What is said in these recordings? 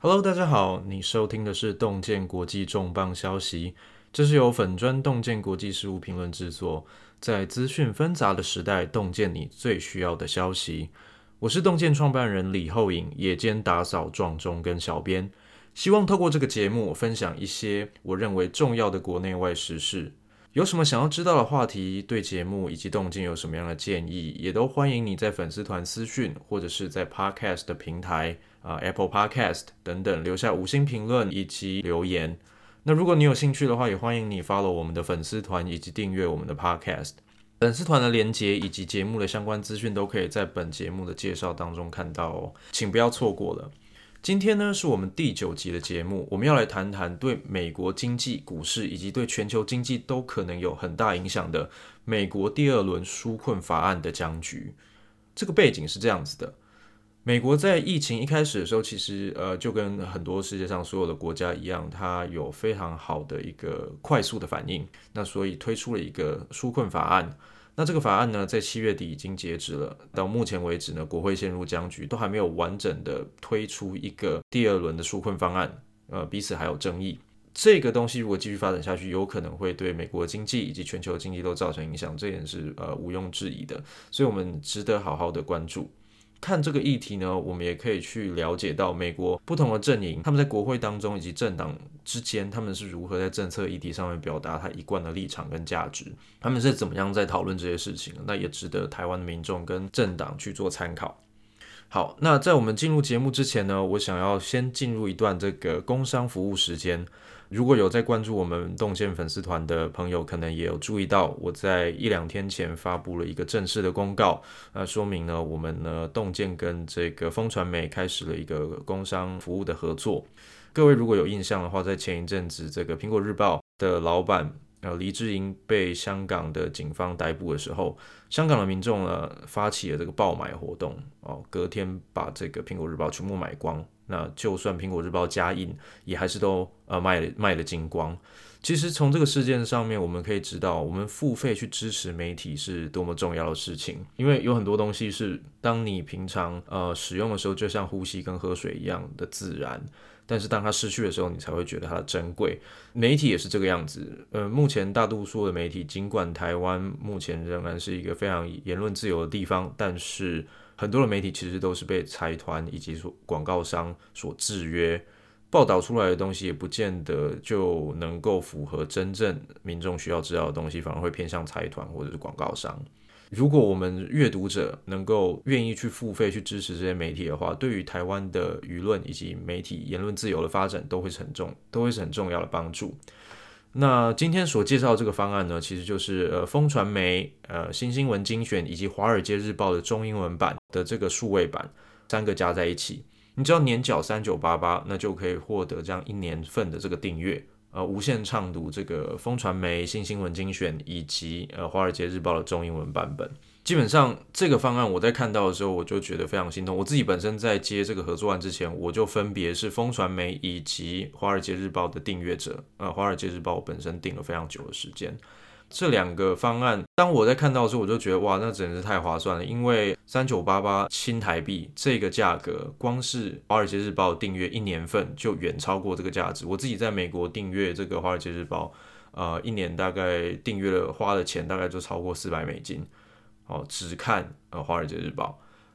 Hello，大家好，你收聽的是洞見國際重磅消息，這是由粉專洞見國際事務評論製作，在資訊紛雜的時代，洞見你最需要的消息。我是洞見創辦人李厚穎，也兼打掃撞鐘跟小編，希望透過這個節目我分享一些我認為重要的國內外時事。有什麼想要知道的話題，對節目以及洞見有什麼樣的建議，也都歡迎你在粉絲團私訊，或者是在 Podcast 的平台啊，呃，Apple Podcast 等等留下五星評論以及留言。那如果你有興趣的話，也歡迎你 follow 我們的粉絲團以及訂閱我們的 Podcast。粉絲團的連結以及節目的相關資訊都可以在本節目的介紹當中看到哦，請不要錯過了。今天呢，是我們第九集的節目，我們要來談談對美國經濟、股市以及對全球經濟都可能有很大影響的美國第二輪紓困法案的僵局。這個背景是這樣子的：美國在疫情一開始的時候，其實呃，就跟很多世界上所有的國家一樣，它有非常好的一個快速的反應，那所以推出了一個紓困法案。那這個法案呢，在七月底已經截止了。到目前為止呢，國會陷入僵局，都還沒有完整的推出一個第二輪的紓困方案。呃，彼此還有爭議。這個東西如果繼續發展下去，有可能會對美國經濟以及全球經濟都造成影響，這點是呃毋庸置疑的。所以，我們值得好好的關注。看這個議題呢，我們也可以去了解到美國不同的陣營，他們在國會當中以及政黨之間，他們是如何在政策議題上面表達他一貫的立場跟價值，他們是怎麼樣在討論這些事情，那也值得台灣的民眾跟政黨去做參考。好，那在我們進入節目之前呢，我想要先進入一段這個工商服務時間。如果有在關注我們洞見粉絲團的朋友，可能也有注意到，我在一兩天前發布了一個正式的公告，那、呃、說明呢，我們呢洞見跟這個風傳媒開始了一個工商服務的合作。各位如果有印象的話，在前一陣子這個蘋果日報的老板呃黎智英被香港的警方逮捕的時候，香港的民眾呢發起了這個爆買活動哦，隔天把這個蘋果日報全部買光。那就算《蘋果日報》加印，也還是都呃賣了賣了精光。其實從這個事件上面，我們可以知道，我們付費去支持媒體是多麼重要的事情。因為有很多東西是當你平常呃使用的時候，就像呼吸跟喝水一樣的自然。但是當它失去的時候，你才會覺得它的珍貴。媒體也是這個樣子。呃，目前大多數的媒體，儘管台灣目前仍然是一個非常言論自由的地方，但是。很多的媒體其實都是被財團以及所廣告商所制約，報道出來的東西也不見得就能夠符合真正民眾需要知道的東西，反而會偏向財團或者是廣告商。如果我們閱讀者能夠願意去付費去支持這些媒體的話，對於台灣的輿論以及媒體言論自由的發展都會是很重，都會是很重要的幫助。那今天所介紹的這個方案呢，其實就是呃風傳媒、呃新新聞精選以及華爾街日報的中英文版。的這個數位版三個加在一起，你只要年繳三九八八，那就可以獲得這樣一年份的這個訂閱，呃，無限暢讀這個風傳媒新新聞精選以及呃華爾街日報的中英文版本。基本上這個方案我在看到的時候，我就覺得非常心痛。我自己本身在接這個合作案之前，我就分別是風傳媒以及華爾街日報的訂閱者，呃，華爾街日報我本身訂了非常久的時間。這兩個方案，當我在看到的時候，我就覺得哇，那簡直是太划算了。因為三九八八新台幣這個價格，光是《華爾街日報》訂閱一年份就遠超過這個價值。我自己在美國訂閱這個《華爾街日報》呃，一年大概訂閱了花的錢大概就超過四百美金，哦，只看呃《華爾街日報》。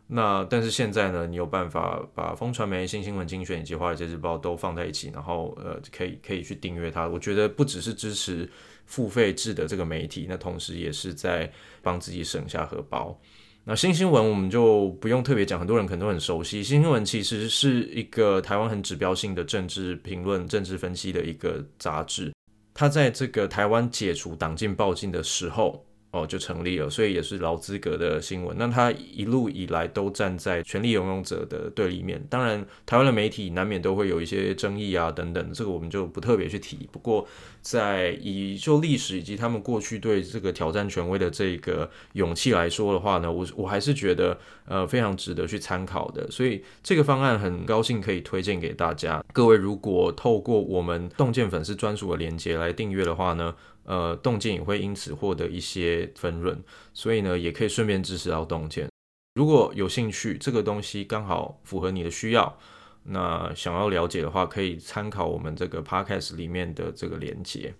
那但是現在呢，你有辦法把風傳媒、新新聞精選以及華爾街日報都放在一起，然後呃，可以可以去訂閱它。我覺得不只是支持付費制的這個媒體，那同時也是在幫自己省下荷包。那新新聞我們就不用特別講，很多人可能都很熟悉。新新聞其實是一個台灣很指標性的政治評論、政治分析的一個雜誌。它在這個台灣解除黨禁報禁的時候。哦，就成立了，所以也是老資格的新聞。那他一路以來都站在權力擁有者的對立面。當然，台灣的媒體難免都會有一些爭議啊等等，這個我們就不特別去提。不過，在以就歷史以及他們過去對這個挑戰權威的這個勇氣來說的話呢，我我還是覺得呃非常值得去參考的。所以這個方案很高興可以推薦給大家。各位如果透過我們洞見粉絲專屬的連結來訂閱的話呢，呃，洞見也會因此獲得一些分潤，所以呢，也可以順便支持到洞見。如果有興趣，這個東西剛好符合你的需要，那想要了解的話，可以參考我們這個 podcast 裡面的這個鏈接。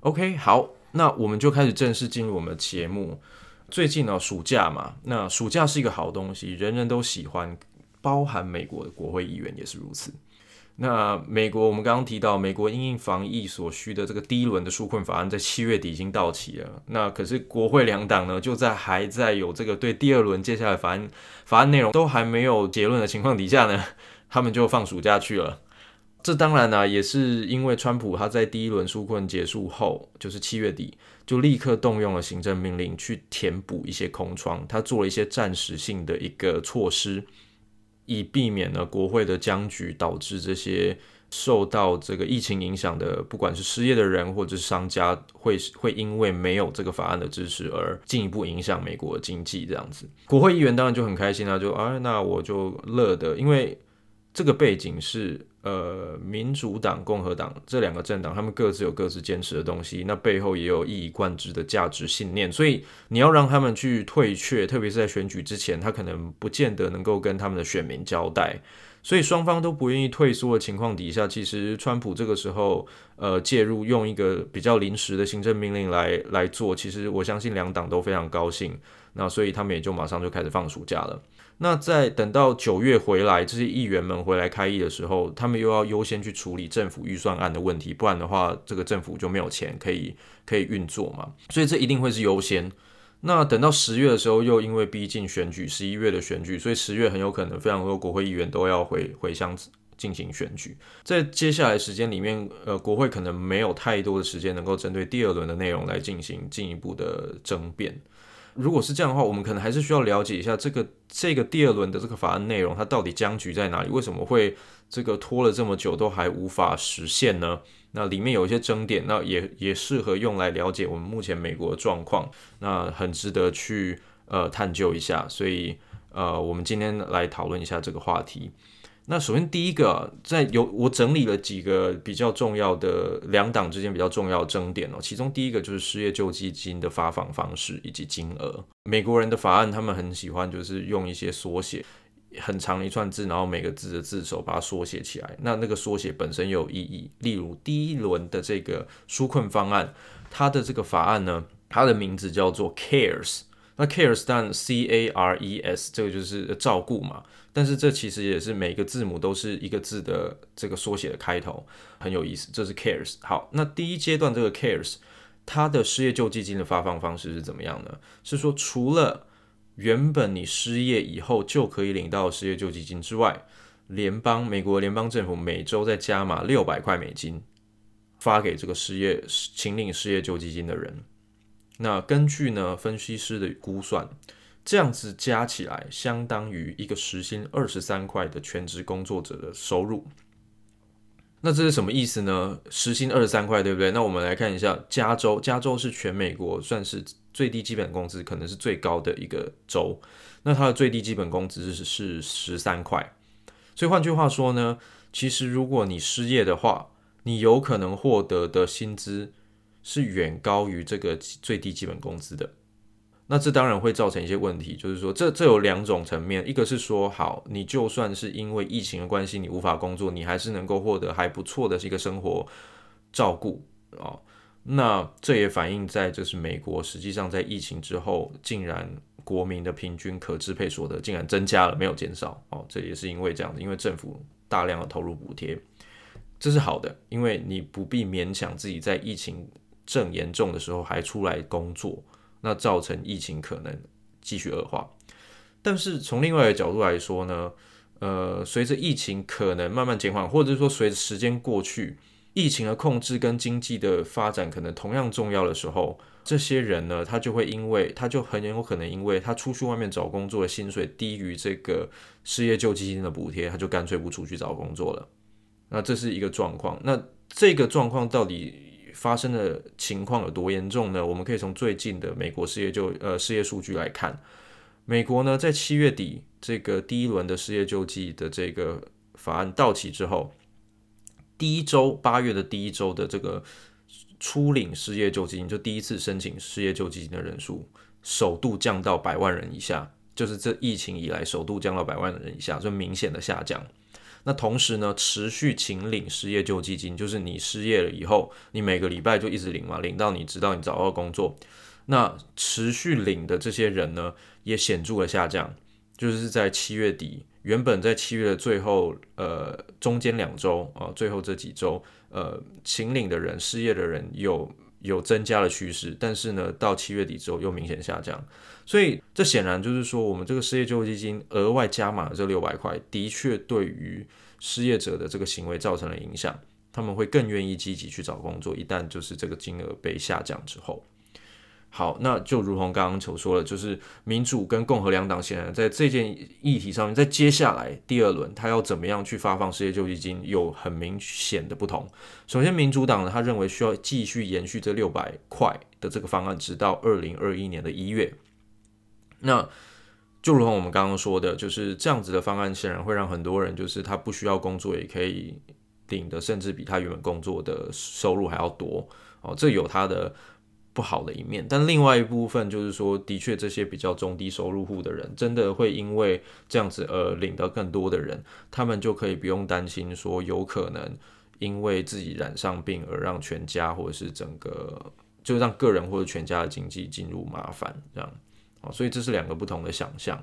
OK，好，那我們就開始正式進入我們的節目。最近呢、哦，暑假嘛，那暑假是一個好東西，人人都喜歡，包含美國的國會議員也是如此。那美國，我們剛剛提到，美國因應防疫所需的這個第一輪的紓困法案，在七月底已經到期了。那可是國會兩黨呢，就在還在有這個對第二輪接下來的法案法案內容都還沒有結論的情況底下呢，他們就放暑假去了。這當然呢、啊，也是因為川普他在第一輪紓困結束後，就是七月底就立刻動用了行政命令去填補一些空窗，他做了一些暫時性的一個措施。以避免呢國會的僵局，導致這些受到這個疫情影響的，不管是失業的人或者是商家會，會會因為沒有這個法案的支持而進一步影響美國的經濟。這樣子，國會議員當然就很開心啊，他就啊、哎，那我就樂得，因為。這個背景是，呃，民主黨、共和黨這兩個政黨，他們各自有各自堅持的東西，那背後也有一以貫之的價值信念。所以你要讓他們去退卻，特別是在選舉之前，他可能不見得能夠跟他們的選民交代。所以雙方都不願意退縮的情況底下，其實川普這個時候，呃，介入用一個比較臨時的行政命令來來做，其實我相信兩黨都非常高興。那所以他們也就馬上就開始放暑假了。那在等到九月回來，這些議員們回來開議的時候，他們又要優先去處理政府預算案的問題，不然的話，這個政府就沒有錢可以可以運作嘛。所以這一定會是優先。那等到十月的時候，又因為逼近選舉，十一月的選舉，所以十月很有可能非常多國會議員都要回回鄉進行選舉。在接下來的時間裡面，呃，國會可能沒有太多的時間能夠針對第二輪的內容來進行進一步的爭辯。如果是這樣的話，我們可能還是需要了解一下這個這個第二輪的這個法案內容，它到底僵局在哪裡？為什麼會這個拖了這麼久都還無法實現呢？那裡面有一些爭點，那也也適合用來了解我們目前美國的狀況，那很值得去呃探究一下。所以呃，我們今天來討論一下這個話題。那首先第一個，在有我整理了幾個比較重要的兩黨之間比較重要的爭點哦，其中第一個就是失業救濟金的發放方式以及金額。美國人的法案他們很喜歡就是用一些縮寫，很長一串字，然後每個字的字首把它縮寫起來。那那個縮寫本身有意義，例如第一輪的這個紓困方案，它的這個法案呢，它的名字叫做 CARES。那 cares，但 C A R E S 這個就是照顧嘛，但是這其實也是每個字母都是一個字的這個縮寫的開頭，很有意思。這是 cares。好，那第一階段這個 cares，它的失業救濟金的發放方式是怎麼樣呢？是說除了原本你失業以後就可以領到失業救濟金之外，聯邦美國聯邦政府每周再加碼六百塊美金發給這個失業、請領失業救濟金的人。那根據呢分析師的估算，這樣子加起來相當於一個時薪二十三塊的全職工作者的收入。那這是什麼意思呢？時薪二十三塊，對不對？那我們來看一下加州，加州是全美國算是最低基本工資可能是最高的一個州，那它的最低基本工資是是十三塊。所以換句話說呢，其實如果你失業的話，你有可能獲得的薪資。是遠高於這個最低基本工資的，那這當然會造成一些問題，就是說這這有兩種層面，一個是說好，你就算是因為疫情的關係，你無法工作，你還是能夠獲得還不錯的一個生活照顧啊，哦，那這也反映在就是美國實際上在疫情之後，竟然國民的平均可支配所得竟然增加了，沒有減少哦，這也是因為這樣子，因為政府大量的投入補貼，這是好的，因為你不必勉強自己在疫情正嚴重的時候還出來工作，那造成疫情可能繼續惡化。但是從另外一個角度來說呢，呃，隨着疫情可能慢慢減緩，或者說隨着時間過去，疫情的控制跟經濟的發展可能同樣重要的時候，這些人呢，他就會因為，他就很有可能因為他出去外面找工作的薪水低於這個失業救濟金的補貼，他就乾脆不出去找工作了。那這是一個狀況。那這個狀況到底發生的情況有多嚴重呢？我們可以從最近的美國失業救呃失業數據來看，美國呢，在七月底這個第一輪的失業救濟的這個法案到期之後，第一周八月的第一周的這個初領失業救濟金，就第一次申請失業救濟金的人數首度降到百萬人以下，就是這疫情以來首度降到百萬人以下，就明顯的下降。那同時呢，持續請領失業救濟金，就是你失業了以後，你每個禮拜就一直領嘛，領到你直到你找到工作。那持續領的這些人呢，也顯著的下降，就是在七月底，原本在七月的最後，呃，中間兩周啊，最後這幾周，呃，請領的人、失業的人有。有增加的趨勢，但是呢，到七月底之後又明顯下降，所以這顯然就是說，我們這個失業救濟金額外加碼這六百塊，的確對於失業者的這個行為造成了影響，他們會更願意積極去找工作，一旦就是這個金額被下降之後。好，那就如同剛剛所說的，就是民主跟共和兩黨顯然在這件議題上面，在接下來第二輪，他要怎麼樣去發放失業救濟金，有很明顯的不同。首先，民主黨呢，他認為需要繼續延續這六百塊的這個方案，直到二零二一年的一月。那就如同我們剛剛說的，就是這樣子的方案，顯然會讓很多人，就是他不需要工作也可以領的，甚至比他原本工作的收入還要多。哦，這有他的。不好的一面，但另外一部分就是說，的確這些比較中低收入戶的人，真的會因為這樣子而領到更多的人，他們就可以不用擔心說，有可能因為自己染上病而讓全家或者是整個，就讓個人或者全家的經濟進入麻煩，這樣啊，所以這是兩個不同的想象。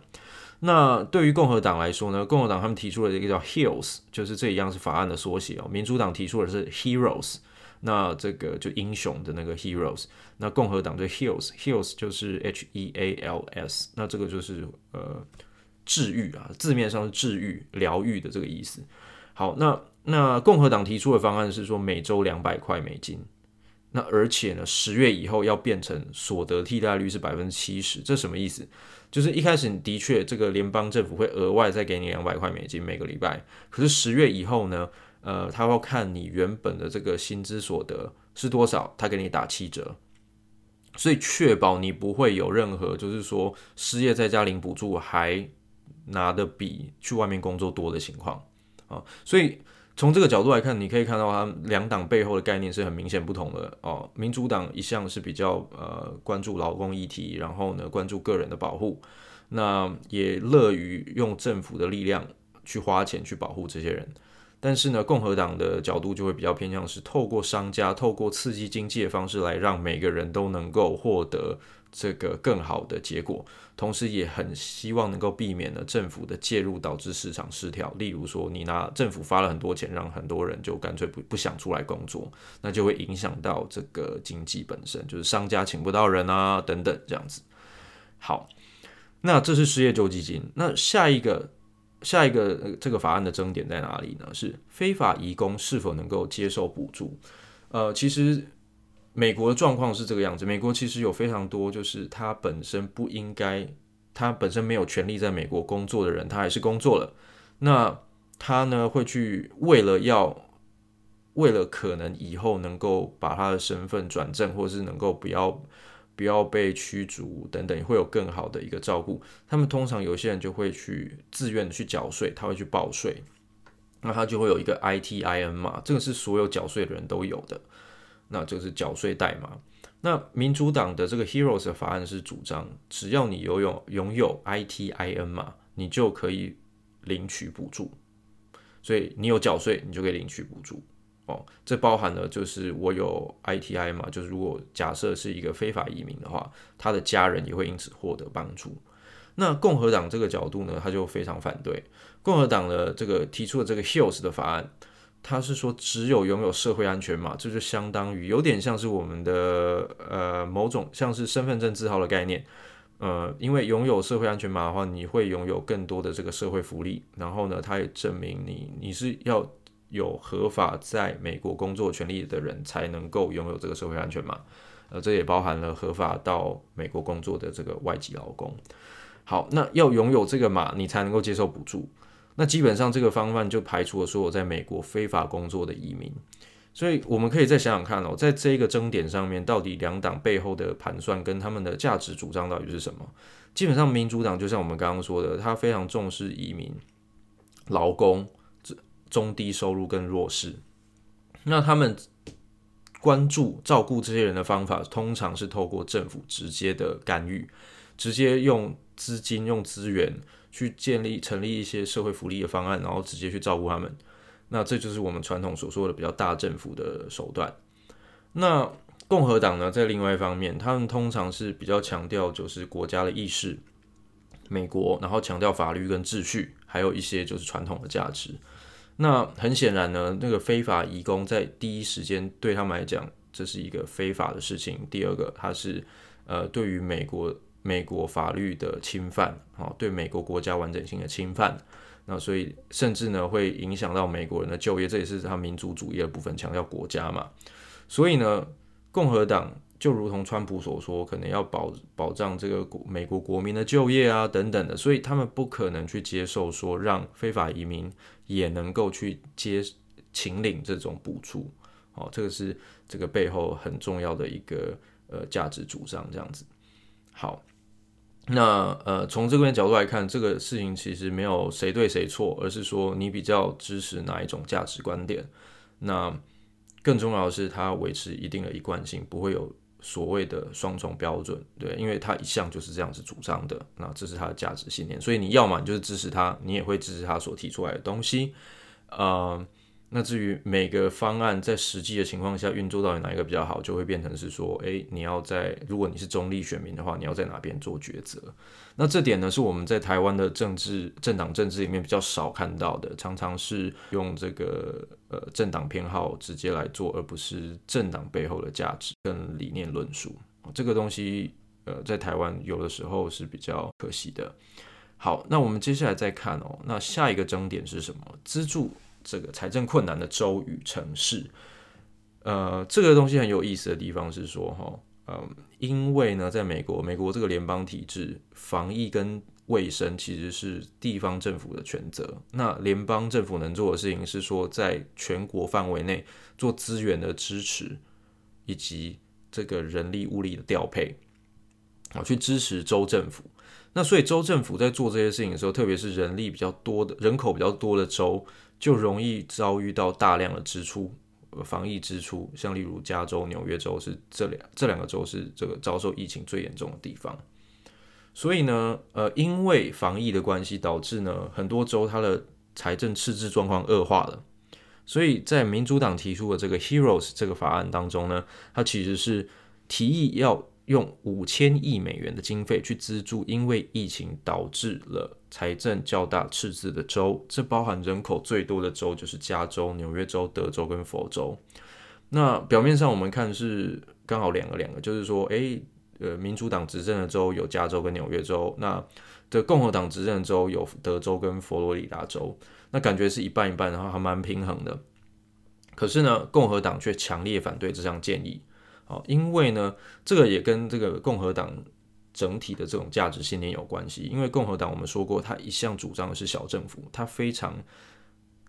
那對於共和黨來說呢，共和黨他們提出了一個叫 h e l l s 就是這一樣是法案的縮寫哦，民主黨提出的是 Heroes。那這個就英雄的那個 heroes，那共和黨的 heals，heals 就是 h e a l s，那這個就是呃治癒啊，字面上是治癒、療癒的這個意思。好，那那共和黨提出的方案是說每週兩百塊美金，那而且呢，十月以後要變成所得替代率是百分之七十，這什麼意思？就是一開始你的確這個聯邦政府會額外再給你兩百塊美金每個禮拜，可是十月以後呢？呃，他要看你原本的這個薪資所得是多少，他給你打七折，所以確保你不會有任何就是說失業在家領補助還拿的比去外面工作多的情況啊。哦，所以從這個角度來看，你可以看到，他兩黨背後的概念是很明顯不同的哦。民主黨一向是比較呃關注勞工議題，然後呢關注個人的保護，那也樂於用政府的力量去花錢去保護這些人。但是呢，共和黨的角度就會比較偏向是透過商家，透過刺激經濟的方式來讓每個人都能夠獲得這個更好的結果，同時也很希望能夠避免呢，政府的介入導致市場失調。例如說，你拿政府發了很多錢，讓很多人就乾脆不不想出來工作，那就會影響到這個經濟本身，就是商家請不到人啊，等等這樣子。好，那這是失業救濟金，那下一個。下一個這個法案的爭點在哪裡呢？是非法移工是否能夠接受補助？呃，其實美國的狀況是這個樣子，美國其實有非常多，就是他本身不應該，他本身沒有權利在美國工作的人，他還是工作了。那他呢，會去為了要，為了可能以後能夠把他的身份轉正，或者是能夠不要。不要被驅逐等等，會有更好的一個照顧。他們通常有些人就會去自願的去繳稅，他會去報稅，那他就會有一個 ITIN 嘛，這個是所有繳稅的人都有的，那這個是繳稅代碼。那民主黨的這個 Heroes 的法案是主張，只要你擁有擁有 ITIN 嘛，你就可以領取補助，所以你有繳稅，你就可以領取補助。哦，這包含了就是我有 ITI 嘛，就是如果假設是一個非法移民的話，他的家人也會因此獲得幫助。那共和黨這個角度呢，他就非常反對共和黨的這個提出的這個 HEALS 的法案，他是說只有擁有社會安全碼，這就相當於有點像是我們的呃某種像是身份證字號的概念。呃，因為擁有社會安全碼的話，你會擁有更多的這個社會福利，然後呢，他也證明你你是要。有合法在美國工作權利的人才能夠擁有這個社會安全碼，呃，這也包含了合法到美國工作的這個外籍勞工。好，那要擁有這個碼，你才能夠接受補助。那基本上這個方案就排除了所有在美國非法工作的移民。所以，我們可以再想想看哦，在這個爭點上面，到底兩黨背後的盤算跟他們的價值主張到底是什麼？基本上，民主黨就像我們剛剛說的，他非常重視移民勞工。中低收入跟弱勢，那他們關注照顧這些人的方法，通常是透過政府直接的干預，直接用資金、用資源去建立成立一些社會福利的方案，然後直接去照顧他們。那這就是我們傳統所說的比較大政府的手段。那共和黨呢，在另外一方面，他們通常是比較強調就是國家的意識，美國，然後強調法律跟秩序，還有一些就是傳統的價值。那很顯然呢，那個非法移工在第一時間對他們來講，這是一個非法的事情。第二個，它是呃，對於美國美國法律的侵犯，好、哦，對美國國家完整性的侵犯。那所以甚至呢，會影響到美國人的就業，這也是他民族主義的部分，強調國家嘛。所以呢，共和黨。就如同川普所說，可能要保保障這個國美國國民的就業啊，等等的，所以他們不可能去接受說讓非法移民也能夠去接請領這種補助。哦，這個是這個背後很重要的一個呃價值主張，這樣子。好，那呃從這邊角度來看，這個事情其實沒有誰對誰錯，而是說你比較支持哪一種價值觀點。那更重要的是，它維持一定的一貫性，不會有。所謂的雙重標準，對，因為他一向就是這樣子主張的，那這是他的價值信念，所以你要麼你就是支持他，你也會支持他所提出來的東西，嗯、呃。那至於每個方案在實際的情況下運作到底哪一個比較好，就會變成是說，誒、欸，你要在如果你是中立選民的話，你要在哪邊做抉擇。那這點呢，是我們在台灣的政治政黨政治裡面比較少看到的，常常是用這個呃政黨偏好直接來做，而不是政黨背後的價值跟理念論述。這個東西呃在台灣有的時候是比較可惜的。好，那我們接下來再看哦、喔，那下一個爭點是什麼？資助。這個財政困難的州與城市，呃，這個東西很有意思的地方是說，哈，嗯，因為呢，在美國，美國這個聯邦體制，防疫跟衛生其實是地方政府的權責。那聯邦政府能做的事情是說，在全國範圍內做資源的支持以及這個人力物力的調配，啊，去支持州政府。那所以州政府在做這些事情的時候，特別是人力比較多的人口比較多的州。就容易遭遇到大量的支出，呃，防疫支出，像例如加州、紐約州是這兩這兩個州是這個遭受疫情最嚴重的地方，所以呢，呃，因為防疫的關係，導致呢很多州它的財政赤字狀況惡化了，所以在民主黨提出的這個 Heroes 這個法案當中呢，它其實是提議要用五千億美元的經費去資助，因為疫情導致了。財政較大赤字的州，這包含人口最多的州，就是加州、紐約州、德州跟佛州。那表面上我們看是剛好兩個兩個，就是說，哎，呃，民主黨執政的州有加州跟紐約州，那的共和黨執政的州有德州跟佛羅里達州。那感覺是一半一半，然後還蠻平衡的。可是呢，共和黨卻強烈反對這項建議，好、哦，因為呢，這個也跟這個共和黨。整體的這種價值信念有關係，因為共和黨我們說過，他一向主張的是小政府，他非常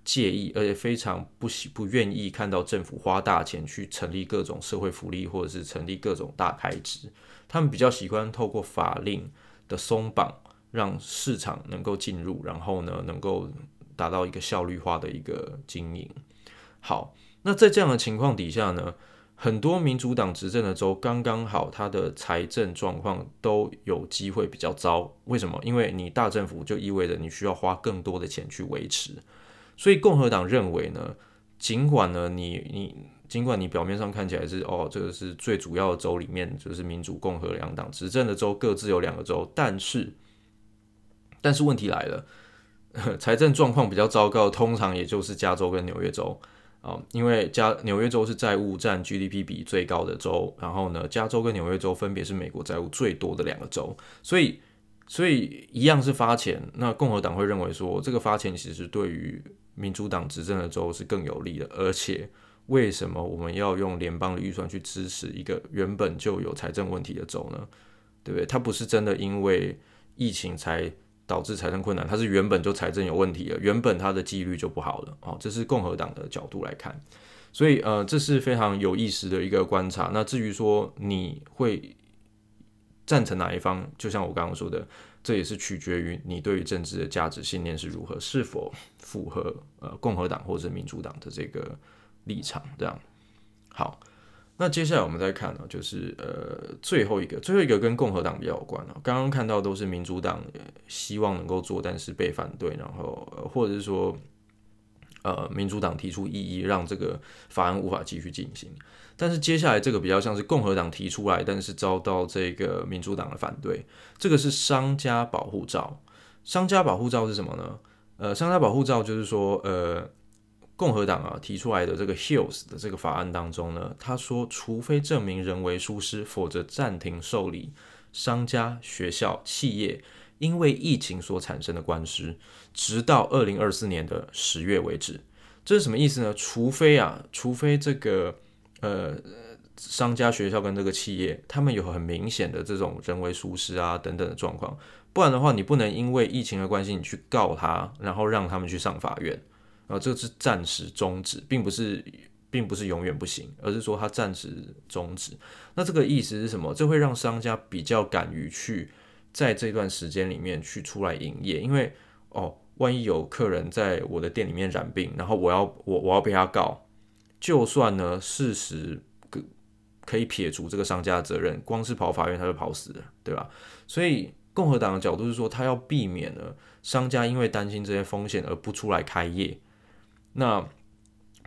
介意，而且非常不喜不願意看到政府花大錢去成立各種社會福利，或者是成立各種大開支。他們比較喜歡透過法令的鬆綁，讓市場能夠進入，然後呢，能夠達到一個效率化的一個經營。好，那在這樣的情況底下呢，很多民主黨執政的州剛剛好，它的財政狀況都有機會比較糟。為什麼？因為你大政府就意味着你需要花更多的錢去維持。所以共和黨認為呢，儘管呢你你儘管你表面上看起來是哦，這個是最主要的州裡面就是民主共和兩黨執政的州各自有兩個州，但是但是問題來了呵，財政狀況比較糟糕，通常也就是加州跟紐約州。啊，因為加紐約州是債務佔 GDP 比最高的州，然後呢，加州跟紐約州分別是美國債務最多的兩個州，所以，所以一樣是發錢，那共和黨會認為說，這個發錢其實對於民主黨執政的州是更有利的，而且，為什麼我們要用聯邦的預算去支持一個原本就有財政問題的州呢？對不對？它不是真的因為疫情才。導致財政困難，它是原本就財政有問題的，原本它的紀律就不好了啊、哦。這是共和黨的角度來看，所以呃，這是非常有意思的一個觀察。那至於說你會贊成哪一方，就像我剛剛說的，這也是取決於你對於政治的價值信念是如何，是否符合呃共和黨或者民主黨的這個立場。這樣好。那接下來我們再看呢、啊，就是呃最後一個，最後一個跟共和黨比較有關了、啊。剛剛看到都是民主黨、呃、希望能夠做，但是被反對，然後、呃、或者是說呃民主黨提出異議，讓這個法案無法繼續進行。但是接下來這個比較像是共和黨提出來，但是遭到這個民主黨的反對。這個是商家保護罩。商家保護罩是什麼呢？呃，商家保護罩就是說呃。共和黨啊提出來的這個 HEALS 的這個法案當中呢，他說，除非證明人為疏失，否則暫停受理商家、學校、企業因為疫情所產生的官司，直到二零二四年的十月為止。這是什麼意思呢？除非啊，除非這個呃商家、學校跟這個企業，他們有很明顯的這種人為疏失啊等等的狀況，不然的話，你不能因為疫情的關係，你去告他，然後讓他們去上法院。啊、呃，這個是暫時終止，並不是，並不是永遠不行，而是說它暫時終止。那這個意思是什麼？這會讓商家比較敢於去在這段時間裡面去出來營業，因為哦，萬一有客人在我的店裡面染病，然後我要我我要被他告，就算呢事實可可以撇除這個商家的責任，光是跑法院他就跑死了，對吧？所以共和黨的角度是說，他要避免了商家因為擔心這些風險而不出來開業。那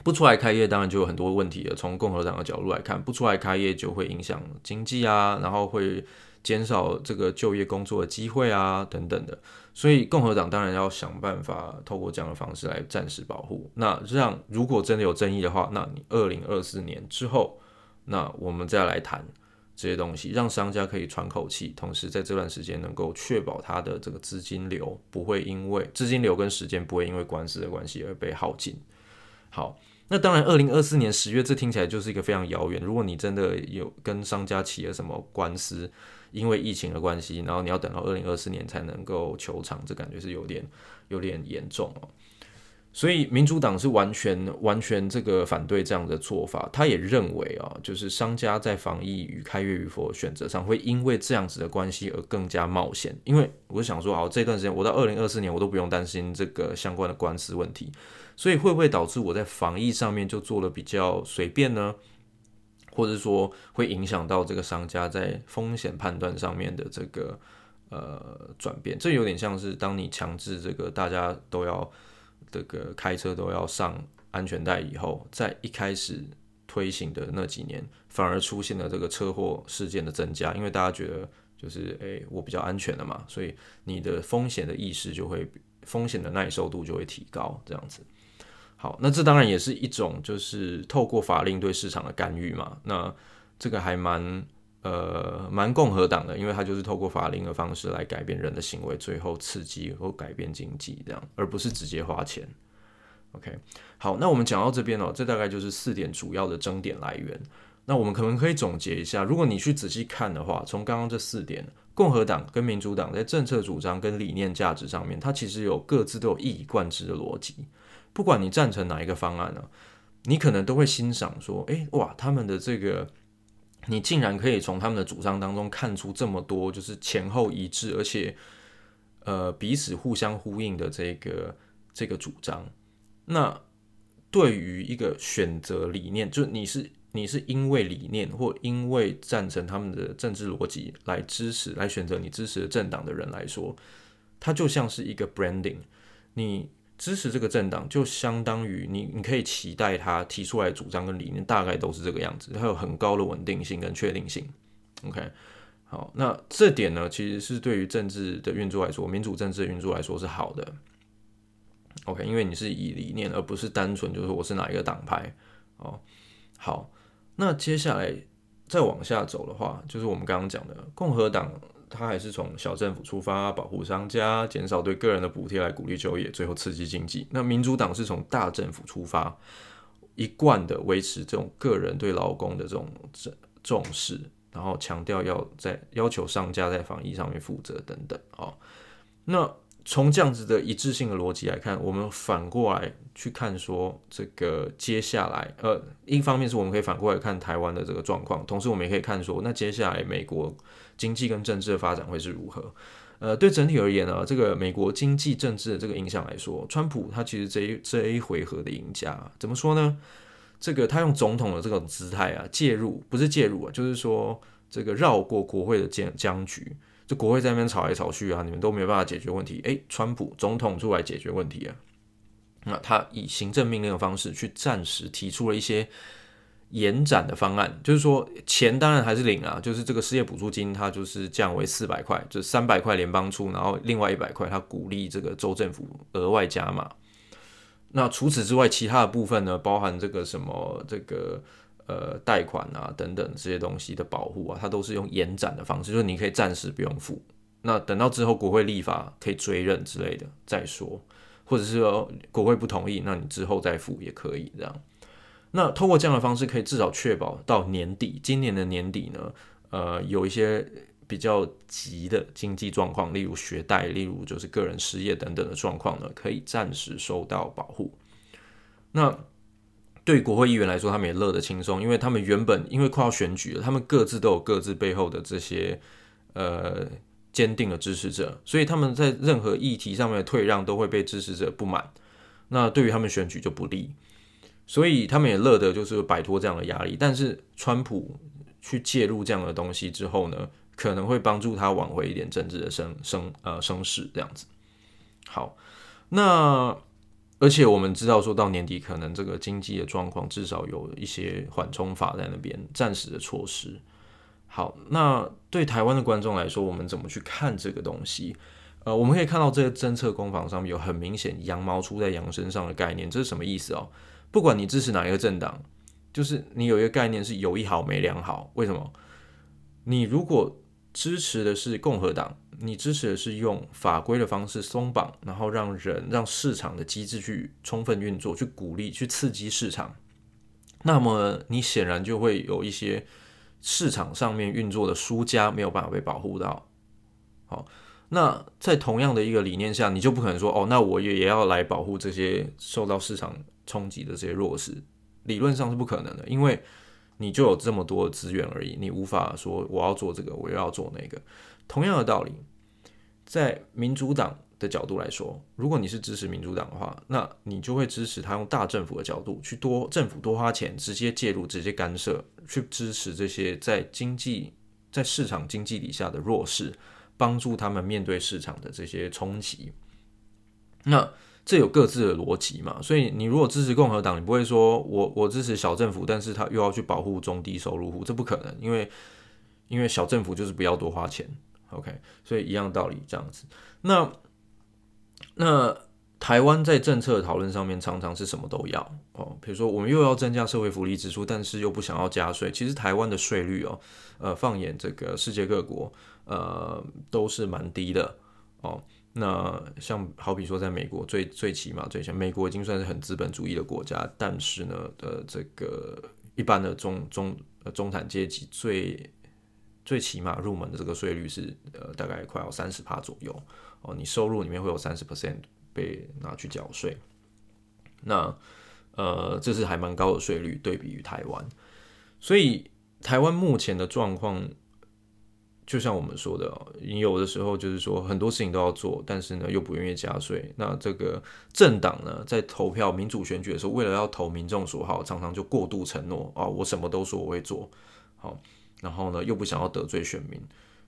不出來開業，當然就有很多問題了。從共和黨的角度來看，不出來開業就會影響經濟啊，然後會減少這個就業工作的機會啊，等等的。所以共和黨當然要想辦法，透過這樣的方式來暫時保護。那這樣如果真的有爭議的話，那你二零二四年之後，那我們再來談。這些東西讓商家可以喘口氣，同時在這段時間能夠確保他的這個資金流不會因為資金流跟時間不會因為官司的關係而被耗盡。好，那當然，二零二四年十月，這聽起來就是一個非常遙遠。如果你真的有跟商家起了什麼官司，因為疫情的關係，然後你要等到二零二四年才能夠求償，這感覺是有點有點嚴重哦。所以民主黨是完全完全這個反對這樣的做法。他也認為啊，就是商家在防疫與開業與否選擇上，會因為這樣子的關係而更加冒險。因為我想說啊，這段時間我到二零二四年，我都不用擔心這個相關的官司問題。所以會不會導致我在防疫上面就做了比較隨便呢？或者說，會影響到這個商家在風險判斷上面的這個呃轉變？這有點像是當你強制這個大家都要。這個開車都要上安全帶以後，在一開始推行的那幾年，反而出現了這個車禍事件的增加，因為大家覺得就是哎，我比較安全了嘛，所以你的風險的意識就會，風險的耐受度就會提高，這樣子。好，那這當然也是一種就是透過法令對市場的干預嘛，那這個還蠻。呃，蠻共和黨的，因為他就是透過法令的方式來改變人的行為，最後刺激或改變經濟這樣，而不是直接花錢。OK，好，那我們講到這邊哦，這大概就是四點主要的爭點來源。那我們可能可以總結一下，如果你去仔細看的話，從剛剛這四點，共和黨跟民主黨在政策主張跟理念價值上面，它其實有各自都有一以貫之的邏輯。不管你贊成哪一個方案呢、啊，你可能都會欣賞說，哎、欸、哇，他們的這個。你竟然可以從他們的主張當中看出這麼多，就是前後一致，而且呃彼此互相呼應的這個這個主張。那對於一個選擇理念，就你是你是因為理念或因為贊成他們的政治邏輯來支持、來選擇你支持的政黨的人來說，它就像是一個 branding。你。支持這個政黨，就相當於你，你可以期待他提出來的主張跟理念大概都是這個樣子，他有很高的穩定性跟確定性。OK，好，那這點呢，其實是對於政治的運作來說，民主政治的運作來說是好的。OK，因為你是以理念，而不是單純就是我是哪一個黨派哦。Oh, 好，那接下來再往下走的話，就是我們剛剛講的共和黨。他還是從小政府出發，保護商家，減少對個人的補貼來鼓勵就業，最後刺激經濟。那民主黨是從大政府出發，一貫的維持這種個人對勞工的這種重視，然後強調要在要求商家在防疫上面負責等等。哦，那從這樣子的一致性的邏輯來看，我們反過來去看說，這個接下來，呃，一方面是我們可以反過來看台灣的這個狀況，同時我們也可以看說，那接下來美國。經濟跟政治的發展會是如何？呃，對整體而言呢，這個美國經濟政治的這個影響來說，川普他其實這一這一回合的贏家怎麼說呢？這個他用總統的這種姿態啊，介入，不是介入啊，就是說這個繞過國會的僵僵局，就國會在那邊吵來吵去啊，你們都沒有辦法解決問題，誒，川普總統出來解決問題啊，那他以行政命令的方式去暫時提出了一些。延展的方案，就是說錢當然還是領啊，就是這個失業補助金它就是降為四百塊，就三百塊聯邦出，然後另外一百塊它鼓勵這個州政府額外加碼。那除此之外，其他的部分呢，包含這個什麼這個呃貸款啊等等這些東西的保護啊，它都是用延展的方式，就是你可以暫時不用付，那等到之後國會立法可以追認之類的再說，或者是說國會不同意，那你之後再付也可以這樣。那通過這樣的方式，可以至少確保到年底，今年的年底呢，呃，有一些比較急的經濟狀況，例如學貸，例如就是個人失業等等的狀況呢，可以暫時受到保護。那對國會議員來說，他們也樂得輕鬆，因為他們原本因為快要選舉了，他們各自都有各自背後的這些呃堅定的支持者，所以他們在任何議題上面的退讓都會被支持者不滿，那對於他們選舉就不利。所以他們也樂得就是擺脫這樣的壓力，但是川普去介入這樣的東西之後呢，可能會幫助他挽回一點政治的聲聲呃聲勢這樣子。好，那而且我們知道說到年底，可能這個經濟的狀況至少有一些緩衝法在那邊，暫時的措施。好，那對台灣的觀眾來說，我們怎麼去看這個東西？呃，我們可以看到這個政策攻防上面有很明顯羊毛出在羊身上的概念，這是什麼意思哦？不管你支持哪一個政黨，就是你有一個概念是有一好沒兩好。為什麼？你如果支持的是共和黨，你支持的是用法規的方式鬆綁，然後讓人讓市場的機制去充分運作，去鼓勵、去刺激市場，那麼你顯然就會有一些市場上面運作的輸家沒有辦法被保護到。好，那在同樣的一個理念下，你就不可能說哦，那我也也要來保護這些受到市場。衝擊的這些弱勢，理論上是不可能的，因為你就有這麼多資源而已，你無法說我要做這個，我又要做那個。同樣的道理，在民主黨的角度來說，如果你是支持民主黨的話，那你就會支持他用大政府的角度去多，政府多花錢，直接介入、直接干涉，去支持這些在經濟、在市場經濟底下的弱勢，幫助他們面對市場的這些衝擊。那這有各自的邏輯嘛？所以你如果支持共和黨，你不會說我我支持小政府，但是他又要去保護中低收入戶，這不可能，因為因為小政府就是不要多花錢。OK，所以一樣道理這樣子。那那台灣在政策討論上面常常是什麼都要哦，比如說我們又要增加社會福利支出，但是又不想要加稅。其實台灣的稅率哦，呃，放眼這個世界各國，呃，都是蠻低的哦。那像好比說，在美國最最起碼最起碼，美國已經算是很資本主義的國家，但是呢，的、呃、這個一般的中中、呃、中產階級最最起碼入門的這個稅率是呃，大概快要三十趴左右哦，你收入裡面會有三十 percent 被拿去繳稅。那呃，這是還蠻高的稅率，對比於台灣，所以台灣目前的狀況。就像我們說的，你有的時候就是說很多事情都要做，但是呢又不願意加稅。那這個政黨呢，在投票民主選舉的時候，為了要投民眾所好，常常就過度承諾啊，我什麼都說我會做好，然後呢又不想要得罪選民。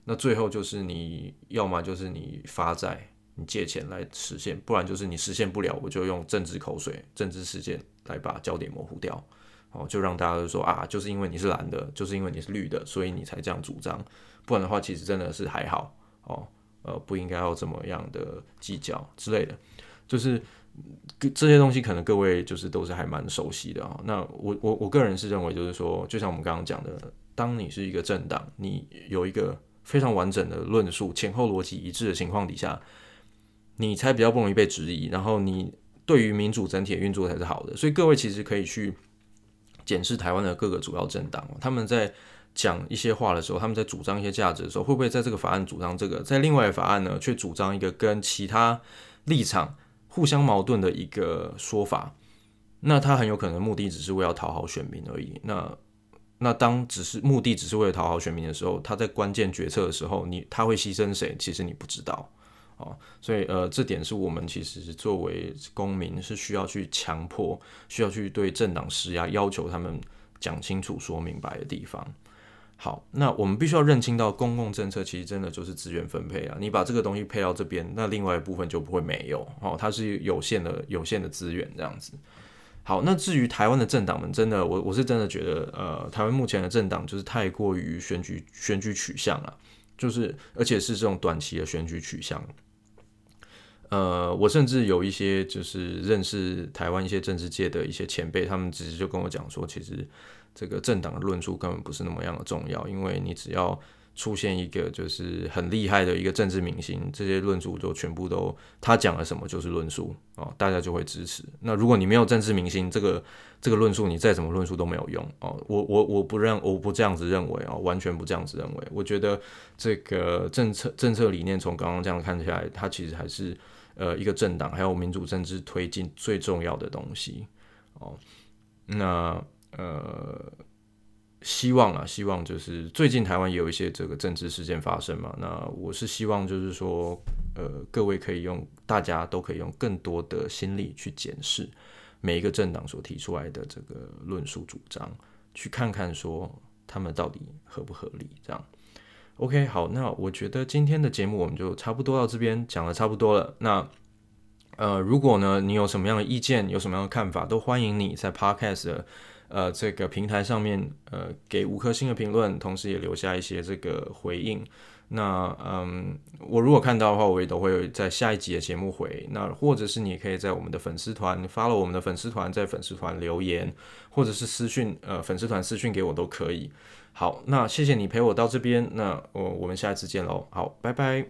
那最後就是你要麼就是你發債，你借錢來實現，不然就是你實現不了，我就用政治口水、政治事件來把焦點模糊掉。哦，就讓大家都說啊，就是因為你是藍的，就是因為你是綠的，所以你才這樣主張。不然的話，其實真的是還好哦。呃，不應該要怎麼樣的計較之類的，就是這些東西，可能各位就是都是還蠻熟悉的啊。那我我我個人是認為，就是說，就像我們剛剛講的，當你是一個政黨，你有一個非常完整的論述，前後邏輯一致的情況底下，你才比較不容易被質疑。然後，你對於民主整體的運作才是好的。所以，各位其實可以去。檢視台灣的各個主要政黨，他們在講一些話的時候，他們在主張一些價值的時候，會不會在這個法案主張這個，在另外的法案呢，卻主張一個跟其他立場互相矛盾的一個說法？那他很有可能目的只是為了討好選民而已。那那當只是目的只是為了討好選民的時候，他在關鍵決策的時候，你他會犧牲誰？其實你不知道。啊，所以呃，這點是我們其實作為公民是需要去強迫、需要去對政黨施壓，要求他們講清楚、說明白的地方。好，那我們必須要認清到，公共政策其實真的就是資源分配啊。你把這個東西配到這邊，那另外一部分就不會沒有。哦，它是有限的、有限的資源這樣子。好，那至於台灣的政黨們，真的，我我是真的覺得，呃，台灣目前的政黨就是太過於選舉、選舉取向了啊，就是而且是這種短期的選舉取向。呃，我甚至有一些就是認識台灣一些政治界的一些前輩，他們直接就跟我講說，其實這個政黨的論述根本不是那麼樣的重要，因為你只要。出現一個就是很厲害的一個政治明星，這些論述就全部都他講了什麼就是論述哦。大家就會支持。那如果你沒有政治明星，這個這個論述你再怎麼論述都沒有用哦。我我我不認我不這樣子認為哦，完全不這樣子認為。我覺得這個政策政策理念從剛剛這樣看起來，它其實還是呃一個政黨還有民主政治推進最重要的東西哦。那呃。希望啊，希望就是最近台灣也有一些這個政治事件發生嘛。那我是希望就是說，呃，各位可以用大家都可以用更多的心力去檢視每一個政黨所提出來的這個論述主張，去看看說他們到底合不合理。這樣，OK，好，那我覺得今天的節目我們就差不多到這邊講的差不多了。那呃，如果呢你有什麼樣的意見，有什麼樣的看法，都歡迎你在 Podcast。呃，這個平台上面，呃，給五顆星的評論，同時也留下一些這個回應。那，嗯，我如果看到的話，我也都會在下一集的節目回。那，或者是你也可以在我們的粉絲團發了我們的粉絲團，在粉絲團留言，或者是私訊，呃，粉絲團私訊給我都可以。好，那謝謝你陪我到這邊，那我我們下一次見嘍。好，拜拜。